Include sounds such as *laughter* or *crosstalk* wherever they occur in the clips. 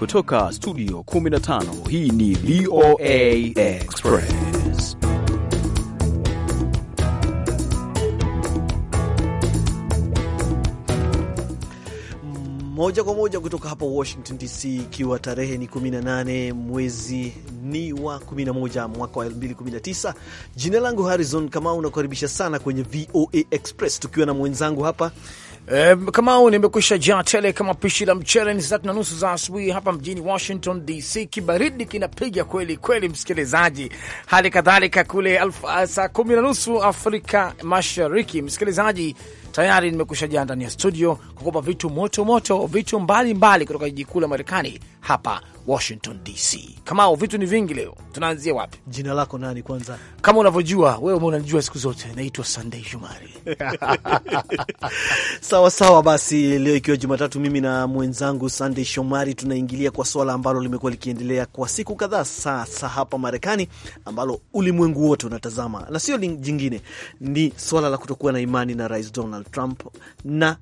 Kutoka studio 15 hii ni VOA Express. Moja kwa moja kutoka hapa Washington DC, ikiwa tarehe ni 18 mwezi ni wa 11 mwaka wa 2019. Jina langu Harrison kama unakaribisha sana kwenye VOA Express tukiwa na mwenzangu hapa Eh, kama au nimekwisha jaa tele kama pishi la mchele. Ni saa tatu na nusu za asubuhi hapa mjini Washington DC, kibaridi kinapiga kweli kweli, msikilizaji. Hali kadhalika kule ah, saa kumi na nusu Afrika Mashariki. Msikilizaji, tayari nimekwisha jaa ndani ya studio kukupa vitu moto moto, vitu mbalimbali kutoka jiji kuu la Marekani hapa Washington DC. Kamao, vitu ni vingi leo, tunaanzia wapi? Jina lako nani kwanza? Kama unavyojua wewe, unanijua siku zote, naitwa Sunday Shumari. *laughs* Sawa sawa, basi leo ikiwa Jumatatu, mimi na mwenzangu Sunday Shomari tunaingilia kwa swala ambalo limekuwa likiendelea kwa siku kadhaa sasa hapa Marekani, ambalo ulimwengu wote unatazama na sio jingine, ni swala la kutokuwa na imani na Rais Donald Trump na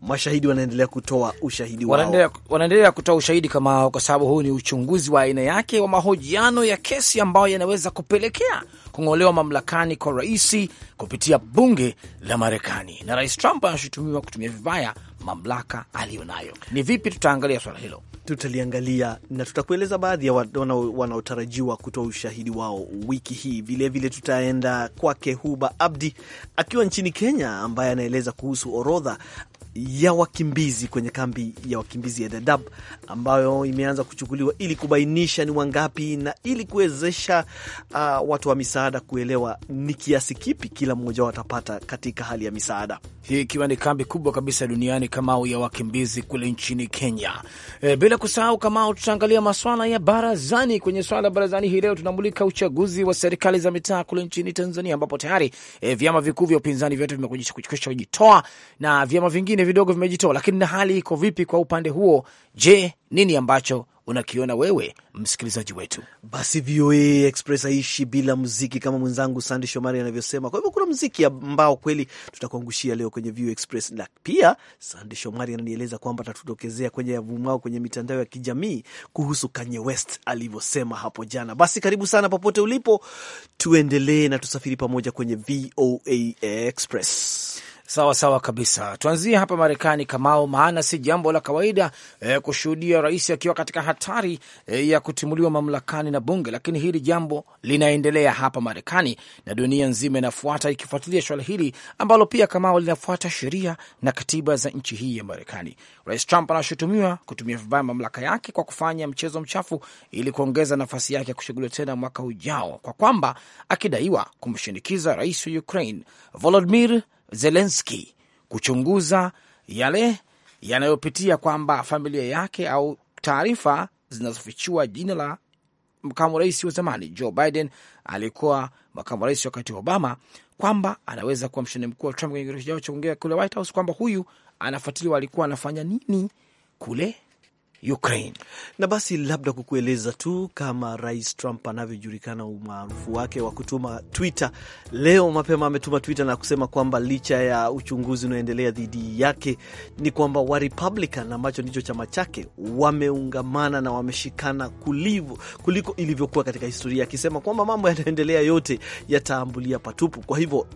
mashahidi wanaendelea kutoa ushahidi wao, wanaendelea, wanaendelea kutoa ushahidi kama wao, kwa sababu huu ni uchunguzi wa aina yake wa mahojiano ya kesi ambayo yanaweza kupelekea kung'olewa mamlakani kwa raisi kupitia bunge la Marekani, na Rais Trump anashutumiwa kutumia vibaya mamlaka aliyonayo. Ni vipi? Tutaangalia swala hilo, tutaliangalia na tutakueleza baadhi ya wanaotarajiwa kutoa ushahidi wao wiki hii. Vilevile tutaenda kwake Huba Abdi akiwa nchini Kenya, ambaye anaeleza kuhusu orodha ya wakimbizi kwenye kambi ya wakimbizi ya Dadaab ambayo imeanza kuchukuliwa ili kubainisha ni wangapi na ili kuwezesha uh, watu wa misaada kuelewa ni kiasi kipi kila mmoja wao atapata katika hali ya misaada, hii ikiwa ni kambi kubwa kabisa duniani kamao ya wakimbizi kule nchini Kenya. E, bila kusahau kamao, tutaangalia maswala ya barazani. Kwenye swala la barazani hii leo tunamulika uchaguzi wa serikali za mitaa kule nchini Tanzania ambapo tayari e, vyama vikuu vya upinzani vyote vimekwisha kujitoa na vyama vingine vingine vidogo vimejitoa, lakini na hali iko vipi kwa upande huo? Je, nini ambacho unakiona wewe msikilizaji wetu? Basi VOA Express haishi bila muziki, kama mwenzangu Sandi Shomari anavyosema. Kwa hivyo kuna muziki ambao kweli tutakuangushia leo kwenye VOA Express, na pia Sandi Shomari ananieleza kwamba atatutokezea kwenye yavumao kwenye mitandao ya kijamii kuhusu Kanye West alivyosema hapo jana. Basi karibu sana popote ulipo, tuendelee na tusafiri pamoja kwenye VOA Express. Sawa sawa kabisa, tuanzie hapa Marekani Kamao, maana si jambo la kawaida eh, kushuhudia rais akiwa katika hatari eh, ya kutimuliwa mamlakani na bunge, lakini hili jambo linaendelea hapa Marekani na dunia nzima inafuata ikifuatilia swala hili ambalo pia Kamao linafuata sheria na katiba za nchi hii ya Marekani. Rais Trump anashutumiwa kutumia vibaya mamlaka yake kwa kufanya mchezo mchafu ili kuongeza nafasi yake ya kuchaguliwa tena mwaka ujao, kwa kwamba akidaiwa kumshinikiza rais wa Ukraine Volodymyr Zelenski kuchunguza yale yanayopitia kwamba familia yake au taarifa zinazofichua jina la makamu rais wa zamani Joe Biden aliyekuwa makamu rais wakati wa Obama, kwamba anaweza kuwa mshindi mkuu wa Trump kwenye chao cha kuongea kule White House, kwamba huyu anafuatiliwa, alikuwa anafanya nini kule Ukraine. Na basi labda kukueleza tu kama Rais Trump anavyojulikana umaarufu wake wa kutuma Twitter, leo mapema ametuma Twitter na kusema kwamba licha ya uchunguzi unaoendelea dhidi yake ni kwamba wa Republican ambacho ndicho chama chake wameungamana na wameshikana kulivu, kuliko ilivyokuwa katika historia, akisema kwamba mambo yanayoendelea yote yataambulia patupu. Kwa hivyo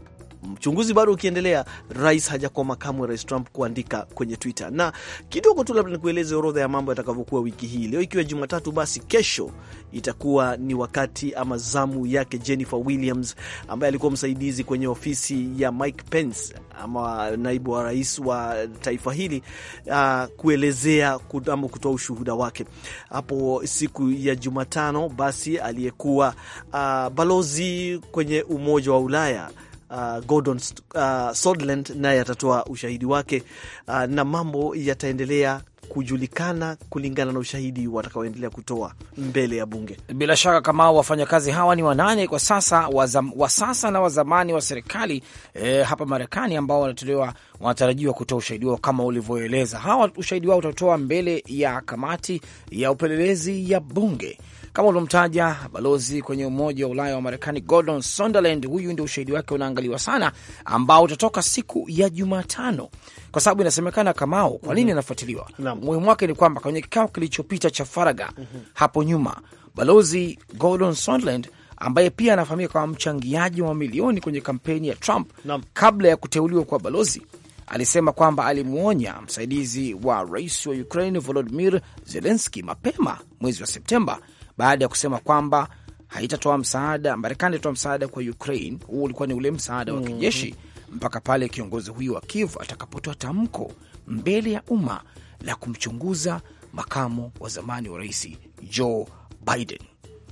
mchunguzi bado ukiendelea, rais hajakoma kamwe, Rais Trump kuandika kwenye Twitter. Na kidogo tu labda nikueleze orodha ya mambo yatakavyokuwa wiki hii. Leo ikiwa Jumatatu, basi kesho itakuwa ni wakati ama zamu yake Jennifer Williams ambaye alikuwa msaidizi kwenye ofisi ya Mike Pence ama naibu wa rais wa taifa hili uh, kuelezea ama kutoa ushuhuda wake hapo siku ya Jumatano. Basi aliyekuwa uh, balozi kwenye Umoja wa Ulaya uh, Gordon uh, Sondland naye atatoa ushahidi wake uh, na mambo yataendelea kujulikana kulingana na ushahidi watakaoendelea kutoa mbele ya bunge. Bila shaka, kama wafanyakazi hawa ni wanane kwa sasa wa sasa na wazamani wa serikali e, hapa Marekani ambao wanatolewa wanatarajiwa kutoa ushahidi wao kama ulivyoeleza. Hawa ushahidi wao utatoa mbele ya kamati ya upelelezi ya bunge kama ulivyomtaja balozi kwenye Umoja wa Ulaya wa Marekani Gordon Sunderland. Huyu ndio ushahidi wake unaangaliwa sana, ambao utatoka siku ya Jumatano kwa sababu inasemekana Kamao kwa nini anafuatiliwa? Mhm. mm -hmm. Umuhimu wake ni kwamba kwenye kikao kilichopita cha faraga mm -hmm. hapo nyuma balozi Gordon Sunderland ambaye pia anafahamika kama mchangiaji wa mamilioni kwenye kampeni ya Trump kabla ya kuteuliwa kwa balozi alisema kwamba alimwonya msaidizi wa rais wa Ukraine Volodimir Zelenski mapema mwezi wa Septemba baada ya kusema kwamba haitatoa msaada, Marekani itatoa msaada kwa Ukraine. Huu ulikuwa ni ule msaada wa kijeshi mpaka pale kiongozi huyu wa Kiev atakapotoa tamko mbele ya umma la kumchunguza makamo wa zamani wa rais Joe Biden.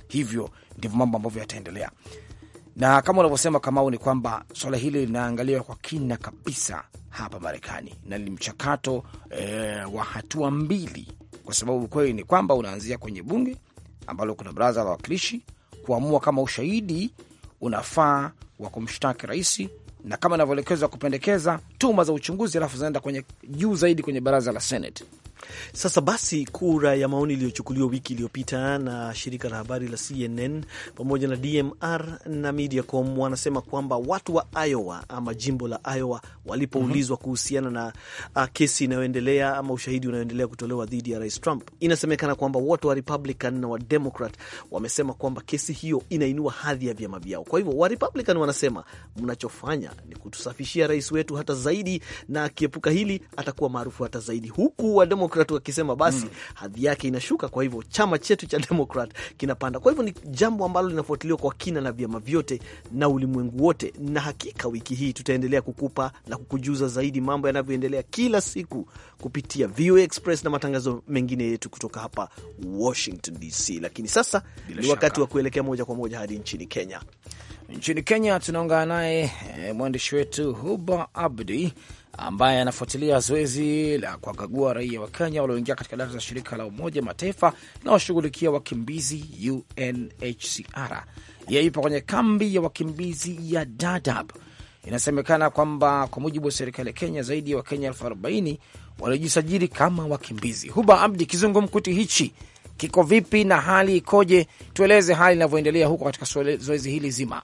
Hivyo ndivyo mambo ambavyo yataendelea, na kama unavyosema Kamau, ni kwamba swala hili linaangaliwa kwa kina kabisa hapa Marekani na ni mchakato e, wa hatua mbili, kwa sababu kweli ni kwamba unaanzia kwenye bunge ambalo kuna baraza la wawakilishi kuamua kama ushahidi unafaa wa kumshtaki rais, na kama inavyoelekezwa kupendekeza tuma za uchunguzi, alafu zinaenda kwenye juu zaidi kwenye baraza la Senate. Sasa basi, kura ya maoni iliyochukuliwa wiki iliyopita na shirika la habari la CNN pamoja na DMR na Mediacom wanasema kwamba watu wa Iowa ama jimbo la Iowa walipoulizwa mhm. kuhusiana na uh, kesi inayoendelea ama ushahidi unaoendelea kutolewa dhidi ya Rais Trump, inasemekana kwamba wote wa Republican na wa Democrat wamesema kwamba kesi hiyo inainua hadhi ya vyama vyao. Kwa hivyo wa Republican wanasema mnachofanya ni kutusafishia rais wetu hata zaidi, na akiepuka hili atakuwa maarufu hata zaidi, huku wa Democrat Democrat wakisema basi mm, hadhi yake inashuka, kwa hivyo chama chetu cha Democrat kinapanda. Kwa hivyo ni jambo ambalo linafuatiliwa kwa kina na vyama vyote na ulimwengu wote, na hakika wiki hii tutaendelea kukupa na kukujuza zaidi mambo yanavyoendelea kila siku kupitia VOA Express na matangazo mengine yetu kutoka hapa Washington DC. Lakini sasa ni wakati wa kuelekea moja kwa moja hadi nchini Kenya. Nchini Kenya tunaongana naye eh, mwandishi wetu Huba Abdi ambaye anafuatilia zoezi la kuwakagua raia wa Kenya walioingia katika data za shirika la Umoja Mataifa na washughulikia wakimbizi UNHCR. Yeye yupo kwenye kambi ya wakimbizi ya Dadab. Inasemekana kwamba kwa mujibu wa serikali ya Kenya, zaidi ya Wakenya elfu arobaini waliojisajili kama wakimbizi. Huba Abdi, kizungumkuti hichi kiko vipi na hali ikoje? Tueleze hali inavyoendelea huko katika zoezi hili zima.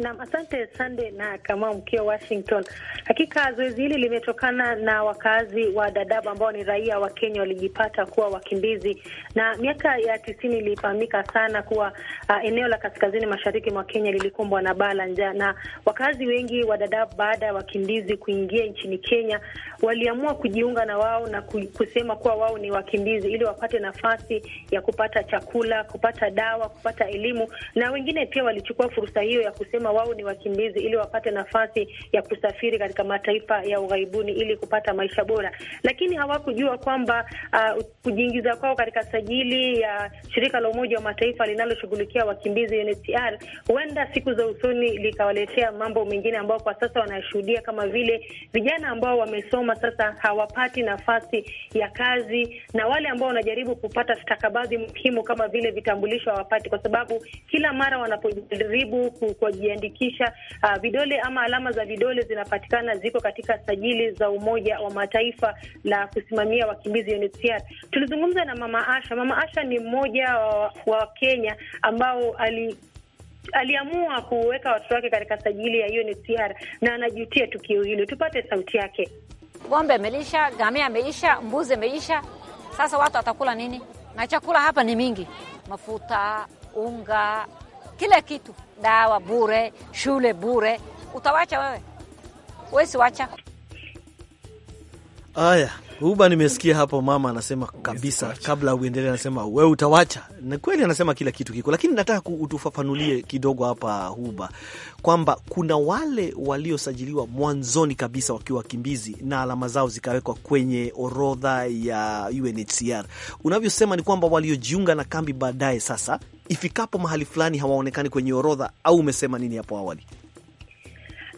Nam, asante Sande na kama mkiwa Washington. Hakika zoezi hili limetokana na wakazi wa Dadaab ambao ni raia wa Kenya walijipata kuwa wakimbizi, na miaka ya tisini ilifahamika sana kuwa uh, eneo la kaskazini mashariki mwa Kenya lilikumbwa na baa la njaa, na wakazi wengi wa Dadaab baada ya wakimbizi kuingia nchini Kenya waliamua kujiunga na wao na kusema kuwa wao ni wakimbizi ili wapate nafasi ya kupata chakula, kupata dawa, kupata elimu, na wengine pia walichukua fursa hiyo ya kusema wanasema wao ni wakimbizi ili wapate nafasi ya kusafiri katika mataifa ya ughaibuni ili kupata maisha bora, lakini hawakujua kwamba uh, kujiingiza kwao katika sajili ya shirika la Umoja wa Mataifa linaloshughulikia wakimbizi UNHCR huenda siku za usoni likawaletea mambo mengine ambao kwa sasa wanashuhudia, kama vile vijana ambao wamesoma sasa hawapati nafasi ya kazi, na wale ambao wanajaribu kupata stakabadhi muhimu kama vile vitambulisho hawapati, kwa sababu kila mara wanapojaribu kujiandikisha kujiandikisha. Uh, vidole ama alama za vidole zinapatikana, ziko katika sajili za Umoja wa Mataifa la kusimamia wakimbizi UNHCR. Tulizungumza na Mama Asha. Mama Asha ni mmoja wa, wa Kenya ambao ali aliamua kuweka watoto wake katika sajili ya UNHCR na anajutia tukio hilo. Tupate sauti yake. Ng'ombe amelisha, ngamia ameisha, mbuzi ameisha. Sasa watu watakula nini? Na chakula hapa ni mingi, mafuta, unga, kila kitu, dawa bure, shule bure. Utawacha wewe? wacha Haya, Huba, nimesikia hapo mama anasema kabisa, kabla uendelee, anasema we utawacha. Na kweli anasema kila kitu kiko, lakini nataka utufafanulie kidogo hapa Huba, kwamba kuna wale waliosajiliwa mwanzoni kabisa wakiwa wakimbizi na alama zao zikawekwa kwenye orodha ya UNHCR. Unavyosema ni kwamba waliojiunga na kambi baadaye sasa ifikapo mahali fulani hawaonekani kwenye orodha, au umesema nini hapo awali?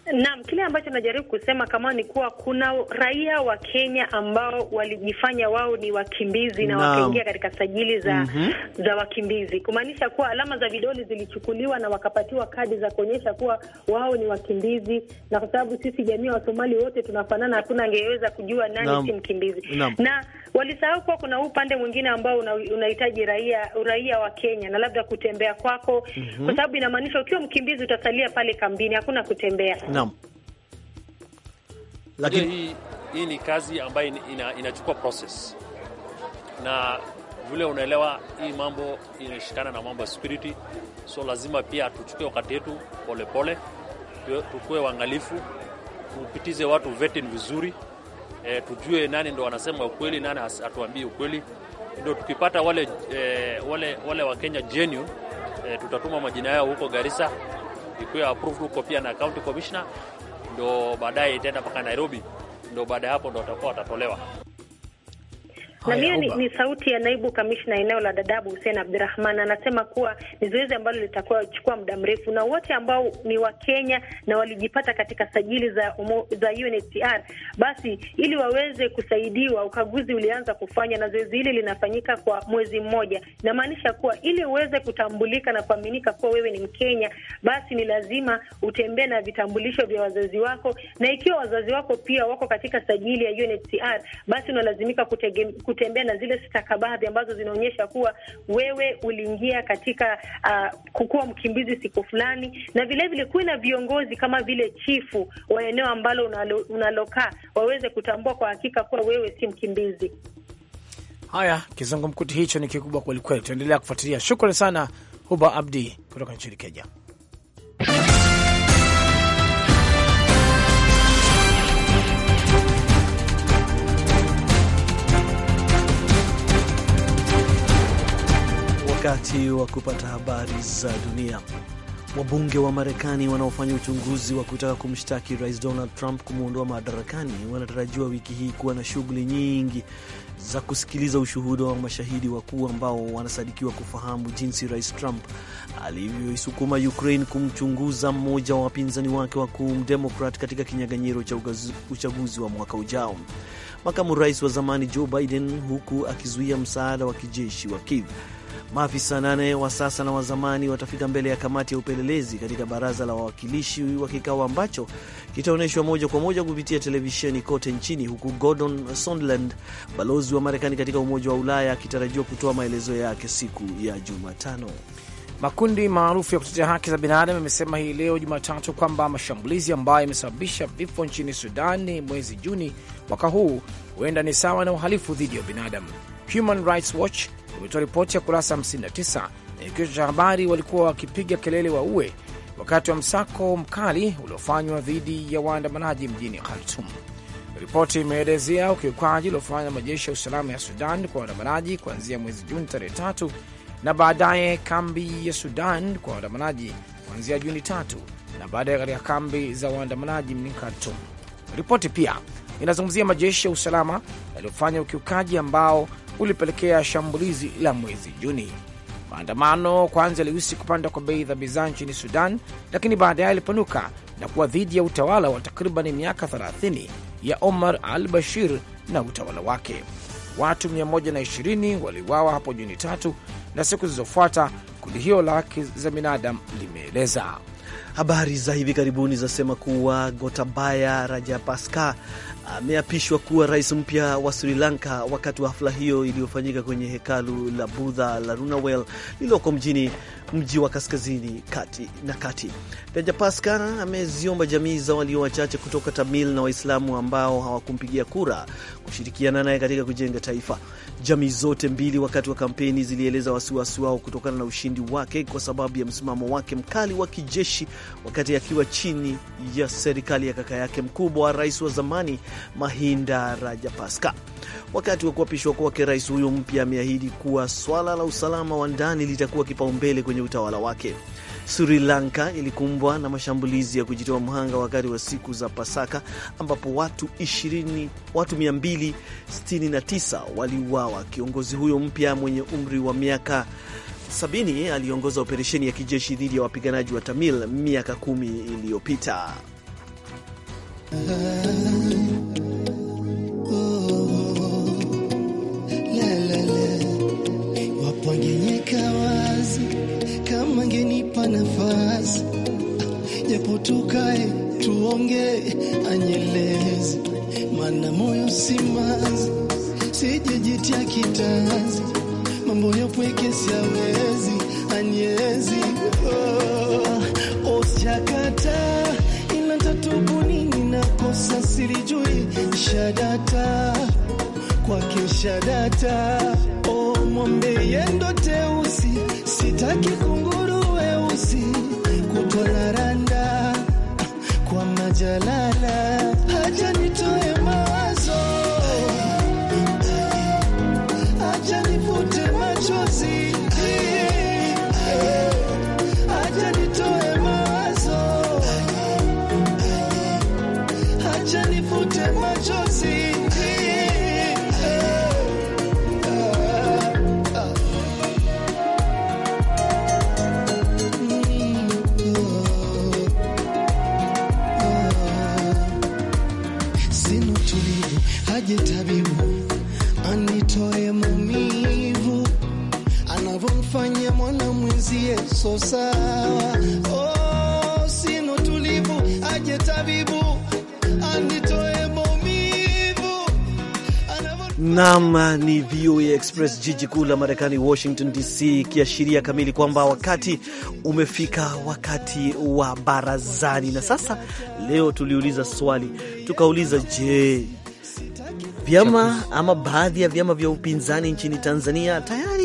Naam, kile ambacho najaribu kusema kama ni kuwa kuna raia wa Kenya ambao walijifanya wao ni wakimbizi na wakaingia katika sajili za mm -hmm. za wakimbizi, kumaanisha kuwa alama za vidole zilichukuliwa na wakapatiwa kadi za kuonyesha kuwa wao ni wakimbizi, na kwa sababu sisi jamii ya Wasomali wote tunafanana, hakuna angeweza kujua nani Naam. si mkimbizi Naam. na walisahau kuwa kuna upande mwingine ambao unahitaji raia uraia wa Kenya na labda kutembea kwako mm -hmm. kwa sababu inamaanisha ukiwa mkimbizi utasalia pale kambini, hakuna kutembea Naam, lakini hii, hii ni kazi ambayo ina, inachukua process na vile unaelewa, hii mambo inashikana na mambo ya security, so lazima pia tuchukue wakati wetu polepole, tukuwe waangalifu, tupitize watu vetting vizuri e, tujue nani ndo wanasema ukweli, nani hatuambii ukweli, ndio tukipata wale, e, wale, wale Wakenya genuine e, tutatuma majina yao huko Garissa ikiwa approved huko pia na county commissioner, ndo baadaye itaenda mpaka Nairobi, ndo baada ya hapo ndo watakuwa watatolewa na mie ni, ni sauti ya naibu kamishna eneo la Dadabu Hussein Abdurahman anasema kuwa ni zoezi ambalo litakuwa chukua muda mrefu, na wote ambao ni wa kenya na walijipata katika sajili za, umo, za UNHCR basi ili waweze kusaidiwa, ukaguzi ulianza kufanya na zoezi hili linafanyika kwa mwezi mmoja. Inamaanisha kuwa ili uweze kutambulika na kuaminika kuwa wewe ni Mkenya, basi ni lazima utembee na vitambulisho vya wazazi wako, na ikiwa wazazi wako pia wako katika sajili ya UNHCR basi unalazimika kutegemea kutembea na zile stakabadhi ambazo zinaonyesha kuwa wewe uliingia katika uh, kukuwa mkimbizi siku fulani, na vilevile kuwe na viongozi kama vile chifu wa eneo ambalo unalokaa unalo waweze kutambua kwa hakika kuwa wewe si mkimbizi. Haya, kizungumkuti hicho ni kikubwa kwelikweli, tutaendelea kufuatilia. Shukrani sana Huba Abdi kutoka nchini Kenya. Wakati wa kupata habari za dunia. Wabunge wa Marekani wanaofanya uchunguzi wa kutaka kumshtaki Rais Donald Trump kumwondoa madarakani wanatarajiwa wiki hii kuwa na shughuli nyingi za kusikiliza ushuhuda wa mashahidi wakuu ambao wanasadikiwa kufahamu jinsi Rais Trump alivyoisukuma Ukraine kumchunguza mmoja wa wapinzani wake wakuu Mdemokrat katika kinyang'anyiro cha uchaguzi wa mwaka ujao. Makamu rais wa zamani Joe Biden, huku akizuia msaada wa kijeshi wa Kiev Maafisa nane wa sasa na wa zamani watafika mbele ya kamati ya upelelezi katika baraza la wawakilishi wa kikao ambacho kitaonyeshwa moja kwa moja kupitia televisheni kote nchini, huku Gordon Sondland, balozi wa Marekani katika Umoja wa Ulaya, akitarajiwa kutoa maelezo yake siku ya Jumatano. Makundi maarufu ya kutetea haki za binadamu yamesema hii leo Jumatatu kwamba mashambulizi ambayo yamesababisha vifo nchini Sudani mwezi Juni mwaka huu huenda ni sawa na uhalifu dhidi ya binadamu. Human Rights Watch imetoa ripoti ya kurasa 59 na kichwa cha habari, walikuwa wakipiga kelele waue, wakati wa msako mkali uliofanywa dhidi ya waandamanaji mjini Khartum. Ripoti imeelezea ukiukaji uliofanya majeshi ya usalama ya Sudan kwa waandamanaji kuanzia mwezi Juni tarehe tatu na baadaye kambi ya Sudan kwa waandamanaji kuanzia Juni tatu na baadaye katika kambi za waandamanaji mjini Khartum. Ripoti pia inazungumzia majeshi ya usalama yaliyofanya ukiukaji ambao ulipelekea shambulizi la mwezi Juni. Maandamano kwanza yalihusi kupanda kwa bei za bidhaa nchini Sudan, lakini baadaye yalipanuka na kuwa dhidi ya utawala wa takriban miaka 30 ya Omar al Bashir na utawala wake. Watu 120 waliuawa hapo Juni tatu na siku zilizofuata, kundi hiyo la haki za binadamu limeeleza. Habari za hivi karibuni zinasema kuwa Gotabaya Rajapaksa ameapishwa kuwa rais mpya wa Sri Lanka wakati wa hafla hiyo iliyofanyika kwenye hekalu la Budha la Runawel lililoko mjini mji wa kaskazini kati na kati. Raja ameziomba jamii za walio wachache kutoka Tamil na Waislamu ambao hawakumpigia kura kushirikiana naye katika kujenga taifa. Jamii zote mbili wakati wa kampeni zilieleza wasiwasi wao kutokana na ushindi wake kwa sababu ya msimamo wake mkali wa kijeshi wakati akiwa chini ya serikali ya kaka yake mkubwa, rais wa zamani Mahinda Rajapaksa. Wakati wa kuapishwa kwake, rais huyo mpya ameahidi kuwa swala la usalama wa ndani litakuwa kipaumbele kwenye utawala wake. Sri Lanka ilikumbwa na mashambulizi ya kujitoa mhanga wakati wa siku za Pasaka ambapo watu 20, watu 269 waliuawa. Kiongozi huyo mpya mwenye umri wa miaka 70 aliongoza operesheni ya kijeshi dhidi ya wapiganaji wa Tamil miaka kumi iliyopita. nafasi, japo tukae tuonge, anyelezi mana moyo simazi, sijejitia kitazi, mambo yopweke siawezi, anyezi oh, osyakata ila tatubunini nakosa silijui shadata kwake shadata omwambe oh, yendo teusi sitaki kunguru nyeusi kutwa randa kwa majalala nam sawa, oh, tulivu, aje tabibu anitoe maumivu. Naam, ni VOA Express, jiji kuu la Marekani, Washington DC, ikiashiria kamili kwamba wakati umefika, wakati wa barazani. Na sasa leo tuliuliza swali, tukauliza je, vyama ama baadhi ya vyama vya upinzani nchini Tanzania tayari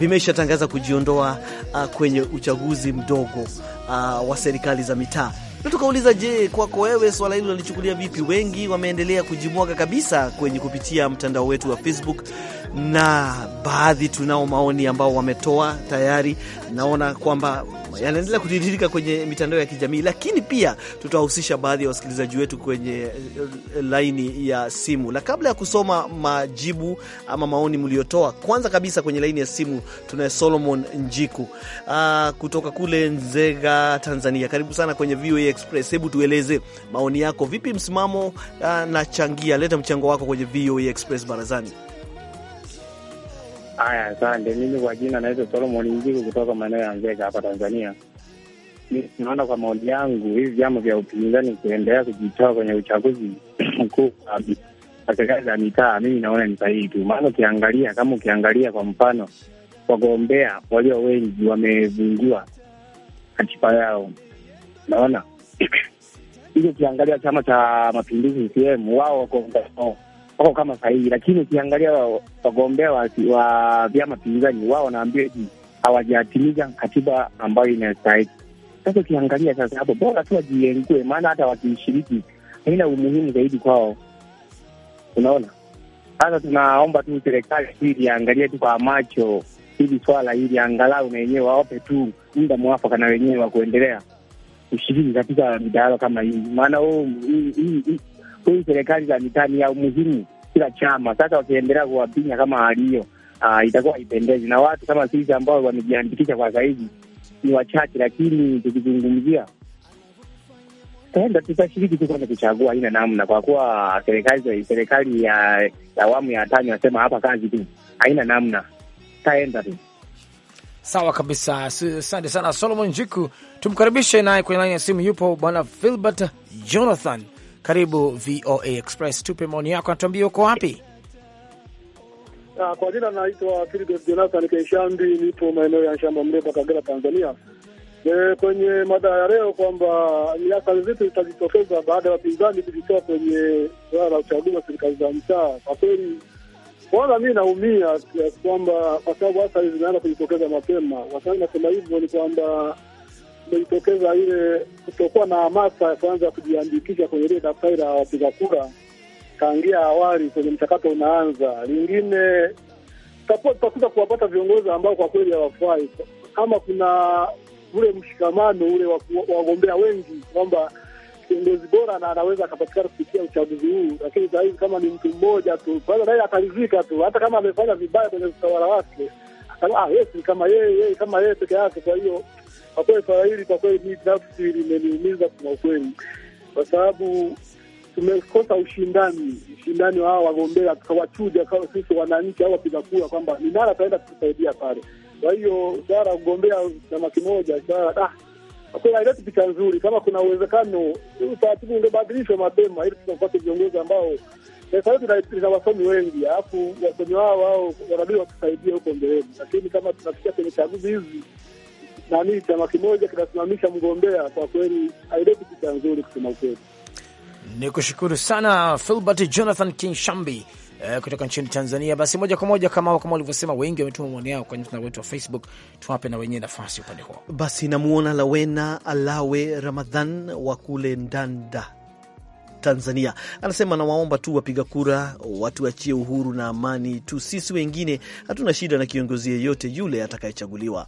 vimeshatangaza kujiondoa uh, kwenye uchaguzi mdogo uh, wa serikali za mitaa. Na tukauliza, je, kwako wewe swala hili unalichukulia vipi? Wengi wameendelea kujimwaga kabisa kwenye kupitia mtandao wetu wa Facebook na baadhi tunao maoni ambao wametoa tayari. Naona kwamba yanaendelea kutiririka kwenye mitandao ya kijamii, lakini pia tutawahusisha baadhi ya wasikilizaji wetu kwenye eh, laini ya simu. Na kabla ya kusoma majibu ama maoni mliotoa, kwanza kabisa kwenye laini ya simu tunaye Solomon Njiku aa, ah, kutoka kule Nzega, Tanzania. Karibu sana kwenye VOA Express. Hebu tueleze maoni yako, vipi msimamo aa, ah, na changia, leta mchango wako kwenye VOA Express barazani. Haya, asante. Mimi kwa jina naitwa Solomon Njiku kutoka maeneo ya Nzega hapa Tanzania. naona kwa maoni yangu, hivi vyama vya upinzani kuendelea kujitoa kwenye uchaguzi *clears throat* mkuu wa serikali za mitaa, mimi naona ni sahihi tu, maana ukiangalia kama ukiangalia kwa mfano, wagombea walio wengi wamevungiwa katiba yao, naona *clears throat* hivyo. Ukiangalia Chama cha Mapinduzi CCM wao wako wako kama sahihi, lakini ukiangalia wagombea wa vyama pinzani wao wanaambia hivi hawajatimiza katiba ambayo inastahili. Sasa ukiangalia sasa hapo, bora tu wajiengue, maana hata wakishiriki haina umuhimu zaidi kwao, unaona. Sasa tunaomba tu serikali iliangalia tu kwa macho hili swala hili, angalau na wenyewe waope tu muda mwafaka na wenyewe wa kuendelea kushiriki katika midahalo kama hii, maana huu hii serikali za mitaa ni ya umuhimu kila chama. Sasa wakiendelea kuwapinya kama hali hiyo, uh, itakuwa haipendezi, na watu kama sisi ambao wamejiandikisha kwa sahizi ni wachache, lakini tukizungumzia tutashiriki tu kwenye kuchagua, haina namna, kwa kuwa serikali serikali ya awamu ya tano nasema hapa kazi tu, haina namna, taenda tu. Sawa kabisa, asante sana Solomon Jiku. Tumkaribishe naye kwenye laini ya simu, yupo bwana Filbert Jonathan karibu VOA Express, tupe maoni yako, natuambia uko wapi? Ah, kwa jina naitwa Filibert Jonathan keshambi nipo maeneo ya Shamba Mreba, Kagera, Tanzania. E, kwenye mada ya leo kwamba ni athari zipi zitajitokeza baada ya wapinzani kujitoa kwenye suala la uchaguzi wa serikali za mtaa. Kwa kweli, kwanza mi naumia kwamba kwa sababu athari zinaanza kujitokeza mapema. Wasanii nasema hivyo ni kwamba imejitokeza ile kutokuwa na hamasa ya kuanza kujiandikisha kwenye ile daftari la wapiga kura tangia awali kwenye mchakato unaanza. Lingine tutakuja kuwapata viongozi ambao kwa kweli hawafai, kama kuna ule mshikamano ule wagombea wengi kwamba kiongozi bora na anaweza akapatikana kupitia uchaguzi huu. Lakini saa hizi kama ni mtu mmoja tu, kwanza naye atarizika tu, hata kama amefanya vibaya kwenye utawala wake, ah, yes, kama yeye kama yeye peke yake. Kwa hiyo kwa kweli swala hili kwa kweli mimi binafsi limeniumiza kwa ukweli, kwa sababu tumekosa ushindani, ushindani wa hao wagombea, tukawachuja kama sisi wananchi au wapiga kura kwamba ni nani ataenda kutusaidia pale. Kwa hiyo swala la kugombea chama kimoja, swala ah, kwa kweli haileti picha nzuri. Kama kuna uwezekano utaratibu ungebadilishwa mapema, ili tukapate viongozi ambao taifa wasomi wengi, alafu wasomi wao wao wanabidi watusaidie huko mbeleni, lakini kama tunafikia kwenye chaguzi hizi nani chama kimoja kinasimamisha mgombea. Kwa kweli haileti picha nzuri kusema ukweli. Ni kushukuru sana Filbert Jonathan Kinshambi eh, kutoka nchini Tanzania. Basi moja kwa moja kama kama ulivyosema, wengi wametuma maoni yao kwenye mtandao wetu wa Facebook, tuwape na wenyewe nafasi upande huo. Basi namuona Lawena Alawe Ramadhan wa kule Ndanda Tanzania anasema, nawaomba tu wapiga kura watuachie uhuru na amani tu, sisi wengine hatuna shida na kiongozi yeyote yule atakayechaguliwa.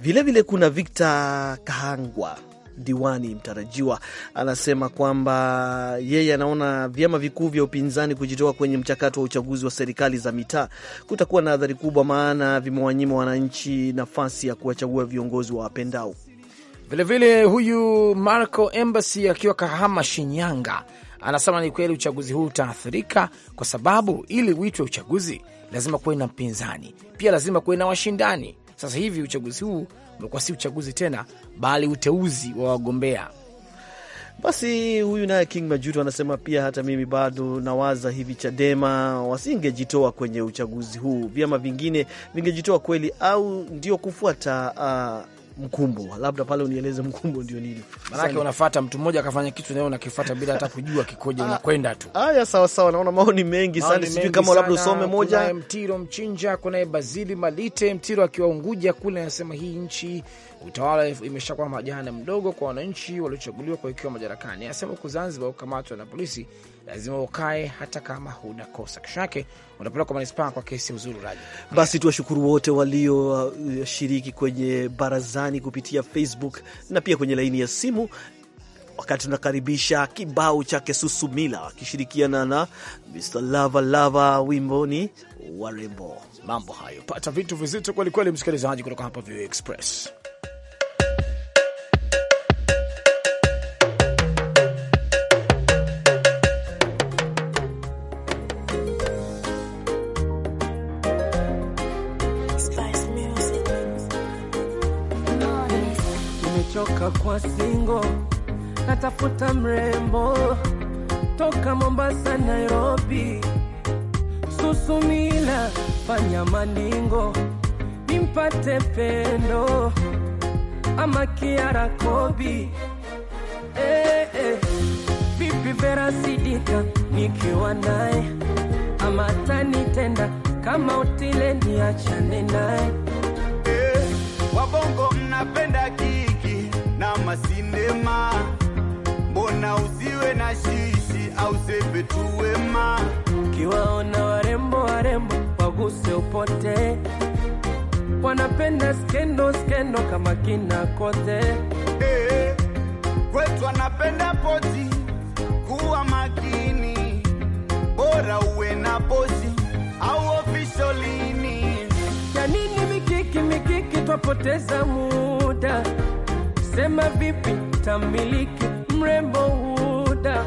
Vilevile vile kuna Victor Kahangwa diwani mtarajiwa anasema kwamba yeye anaona vyama vikuu vya upinzani kujitoa kwenye mchakato wa uchaguzi wa serikali za mitaa kutakuwa na adhari kubwa, maana vimewanyima wananchi nafasi ya kuwachagua viongozi wa wapendao. Vilevile huyu Marco Embassy akiwa Kahama, Shinyanga, anasema ni kweli uchaguzi huu utaathirika kwa sababu ili uitwe uchaguzi lazima kuwe na mpinzani, pia lazima kuwe na washindani sasa hivi uchaguzi huu umekuwa si uchaguzi tena, bali uteuzi wa wagombea. Basi huyu naye King Majuto anasema pia, hata mimi bado nawaza hivi, Chadema wasingejitoa kwenye uchaguzi huu, vyama vingine vingejitoa kweli, au ndio kufuata uh, Mkumbo, labda pale unieleze Mkumbo ndio nini maanake, unafuata mtu mmoja akafanya kitu nawe unakifuata bila hata kujua kikoje, ah, unakwenda tu. Haya, sawa sawa, naona maoni mengi sana, sijui kama labda usome moja. Kuna Mtiro Mchinja, kunaye Bazili Malite Mtiro akiwa Unguja kule, anasema hii nchi utawala imeshakuwa majana mdogo kwa wananchi waliochaguliwa kwa ikiwa madarakani. Anasema huku Zanzibar ukamatwa na polisi lazima ukae hata kama huna kosa. Kesho yake unapelekwa manispaa kwa kesi mzuri Raja. Basi tuwashukuru wote walioshiriki uh, kwenye barazani kupitia Facebook na pia kwenye laini ya simu wakati tunakaribisha kibao chake Susumila akishirikiana na Mr Lava Lava, wimboni warembo. Mambo hayo, pata vitu vizito kwelikweli, msikilizaji, kutoka hapa VOA Express. Tafuta mrembo toka Mombasa, Nairobi, Susumila, fanya maningo nimpate pendo, ama Kiara Kobi eh, eh. Bibi Vera Sidika nikiwa naye ama tanitenda kama utile niachane naye eh, wabongo mnapenda kiki na masinema Bwana, usiwe na shishi au sepe tu wema. Ukiwaona warembo warembo waguse upote, wanapenda skendo skendo kama kina kote. Hey, eh, kwetu wanapenda poti, kuwa makini, bora uwe na posi au ofisholini. Ya nini mikiki mikiki, twapoteza muda? Sema vipi tamiliki rainbow uda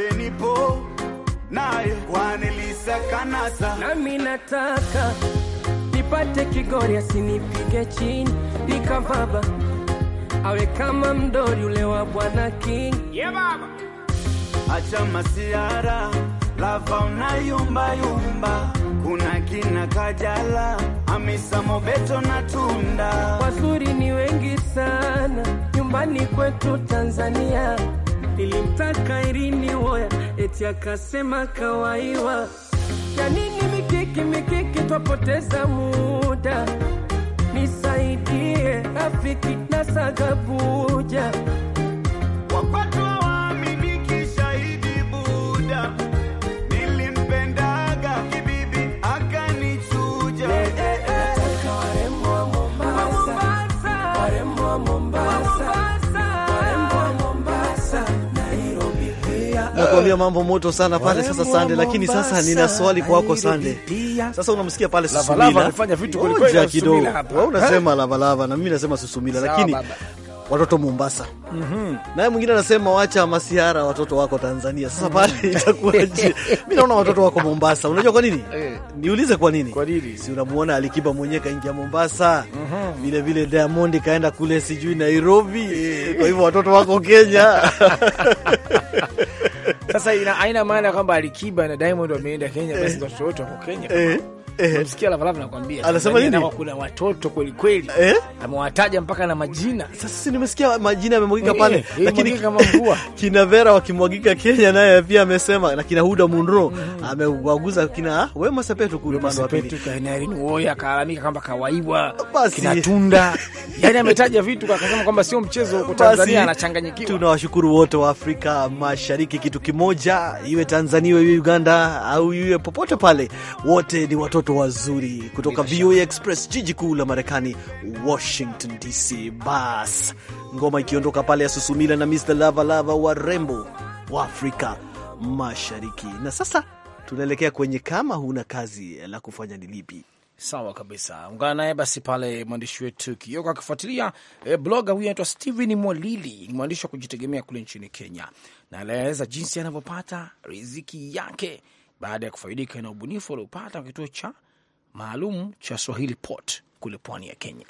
benipo naye kanasa, nami nataka nipate kigori asinipige chini nika baba awe kama mdori ule wa bwana King yeah, baba acha masiara lava yumba, kuna kina Kajala Amisa Mobeto na Tunda wazuri ni wengi sana nyumbani kwetu Tanzania nilimtaka irini woya eti akasema kawaiwa. Yanini mikiki mikiki, twapoteza muda, nisaidie rafiki na sagabuja Tunakuambia mambo moto sana pale sasa, Sande. Lakini sasa nina swali kwako Sande. Sasa unamsikia pale Susumila anafanya vitu kweli moja kidogo, wewe eh? unasema lava lava na mimi nasema Susumila, lakini watoto Mombasa. mm -hmm. Naye mwingine anasema wacha masihara watoto wako Tanzania. Sasa pale mm. itakuwaje? *laughs* Mimi naona watoto wako Mombasa. Unajua kwa nini? Eh. Niulize kwa nini? Kwa nini? Si unamuona Alikiba mwenyewe kaingia Mombasa, vilevile mhm. vile Diamond kaenda kule sijui Nairobi. Eh. Kwa hivyo watoto wako Kenya *laughs* sasa ina aina maana kwamba Alikiba na Diamond wameenda Kenya, basi eh. watoto wako Kenya. Eh. Eh. Unamsikia Lavalava nakwambia. Anasema yaani nini? Na Kuna watoto kweli kweli. Eh? Amewataja mpaka na majina. Sasa sisi nimesikia majina yamemwagika eh, pale. eh, eh, Lakini kama mvua. *laughs* Kina Vera wakimwagika Kenya naye pia amesema na kina Huda Munro mm, amewaguza kina Wema Sepetu kule upande wa pili. Kina Irene Uwoya akalalamika kwamba kawaibwa. Kina Tunda. *laughs* Yaani ametaja vitu akasema kwamba sio mchezo huko Tanzania anachanganyikiwa. Tunawashukuru wote wa Afrika Mashariki kitu kimoja, iwe Tanzania, iwe Uganda au iwe popote pale. Wote ni watoto watoto wazuri kutoka VOA Express, jiji kuu la Marekani, Washington DC. Bas, ngoma ikiondoka pale ya Susumila na Mr Lavalava, warembo wa Afrika Mashariki. Na sasa tunaelekea kwenye kama huna kazi eh, la kufanya ni lipi. Sawa kabisa, ungana naye basi pale mwandishi wetu Kioko akifuatilia e, bloga huyu anaitwa Steven Mwalili, ni mwandishi wa kujitegemea kule nchini Kenya, na anaeleza jinsi anavyopata riziki yake baada ya kufaidika na ubunifu waliopata kituo cha maalum cha Swahili Port kule pwani ya Kenya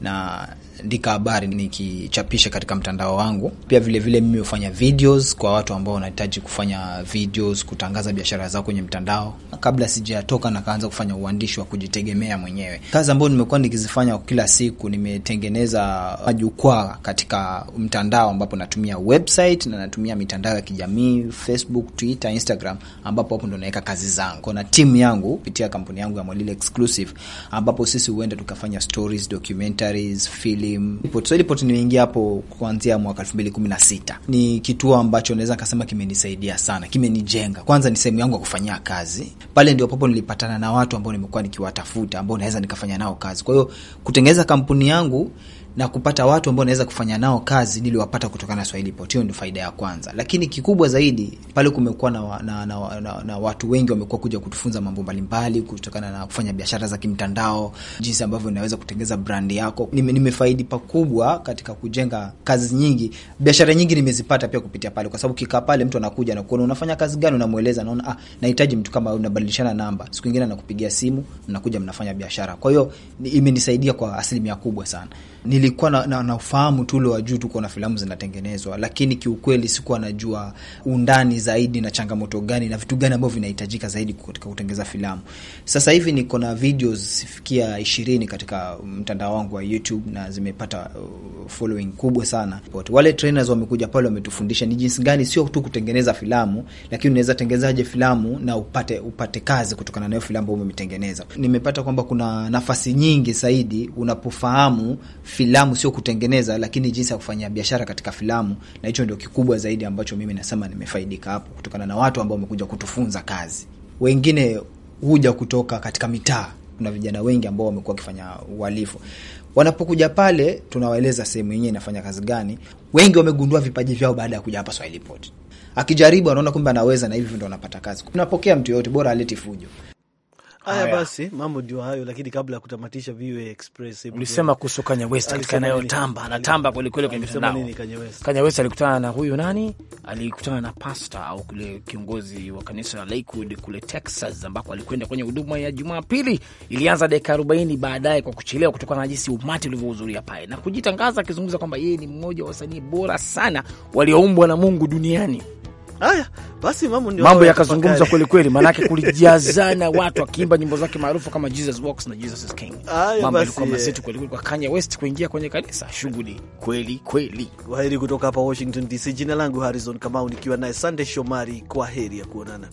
na ndika habari nikichapisha katika mtandao wangu. Pia vilevile vile mimi hufanya videos kwa watu ambao wanahitaji kufanya videos, kutangaza biashara zao kwenye mtandao. Kabla sijatoka na kaanza kufanya uandishi wa kujitegemea mwenyewe, kazi ambayo nimekuwa nikizifanya kila siku, nimetengeneza majukwaa katika mtandao ambapo natumia website na natumia mitandao ya kijamii Facebook, Twitter, Instagram, ambapo hapo ndo naweka kazi zangu na timu yangu kupitia kampuni yangu ya Molile Exclusive, ambapo sisi huenda tukafanya stories, documentary documentaries, film. So Heliport nimeingia hapo kuanzia mwaka sita. Ni kituo ambacho naweza nikasema kimenisaidia sana, kimenijenga. Kwanza ni sehemu yangu ya kufanyia kazi. Pale ndio papo nilipatana na watu ambao nimekuwa nikiwatafuta ambao naweza nikafanya nao kazi. Kwa hiyo kutengeneza kampuni yangu na kupata watu ambao naweza kufanya nao kazi niliwapata kutokana na Swahili Pot. Hiyo ndio faida ya kwanza, lakini kikubwa zaidi pale kumekuwa na, na, na, na, na watu wengi wamekuwa kuja kutufunza mambo mbalimbali kutokana na kufanya biashara za kimtandao, jinsi ambavyo unaweza kutengeza brand yako. Nimefaidi Nime, pakubwa katika kujenga kazi nyingi, biashara nyingi nimezipata pia kupitia pale, kwa sababu kikaa pale mtu anakuja na kuona unafanya kazi gani, unamweleza naona, ah, nahitaji mtu kama, unabadilishana namba, siku nyingine anakupigia simu, mnakuja mnafanya biashara. Kwa hiyo imenisaidia kwa asilimia kubwa sana nilikuwa na, na, na ufahamu tu ule wa juu, tuko na filamu zinatengenezwa, lakini kiukweli sikuwa najua undani zaidi na changamoto gani na vitu gani ambavyo vinahitajika zaidi katika kutengeza filamu. Sasa hivi niko na videos sifikia ishirini katika mtandao wangu wa YouTube na zimepata uh, following kubwa sana. Wale trainers wamekuja pale, wametufundisha ni jinsi gani sio tu kutengeneza filamu, lakini unaweza tengenezaje filamu na upate upate kazi kutokana nayo filamu ambayo umetengeneza. Nimepata kwamba kuna nafasi nyingi zaidi unapofahamu filamu sio kutengeneza, lakini jinsi ya kufanya biashara katika filamu, na hicho ndio kikubwa zaidi ambacho mimi nasema nimefaidika hapo, kutokana na watu ambao wamekuja kutufunza kazi. Wengine huja kutoka katika mitaa, kuna vijana wengi ambao wamekuwa wakifanya uhalifu wanapokuja pale tunawaeleza sehemu yenyewe inafanya kazi gani. Wengi wamegundua vipaji vyao baada ya kuja hapa Swahilipot. Akijaribu anaona kumbe anaweza, na hivi ndo anapata kazi. Napokea mtu yoyote, bora aleti fujo. Haya basi, mambo ndio hayo, lakini kabla ya kutamatisha VOA Express, ulisema kuhusu Kanye West katika anayotamba, anatamba kweli kweli kwenye mitandao. Kanye West alikutana na huyu nani, alikutana na pasta au kule kiongozi wa kanisa la Lakewood kule Texas, ambako alikwenda kwenye huduma ya Jumapili. Ilianza dakika 40 baadaye kwa kuchelewa, kutokana na jinsi umati ulivyohudhuria pale na kujitangaza, akizungumza kwamba yeye ni mmoja wa wasanii bora sana walioumbwa na Mungu duniani. Haya basi, mambo ndio mambo yakazungumza kweli kweli, maanake *laughs* kulijazana watu akiimba nyimbo zake maarufu kama Jesus Walks na Jesus is King. Mambo yalikuwa mazito kweli kweli kwa Kanye West kuingia kwenye kanisa, shughuli kweli kweli. Kwaheri kutoka hapa Washington DC, jina langu Harrison Kamau nikiwa naye Sunday Shomari, kwa heri ya kuonana.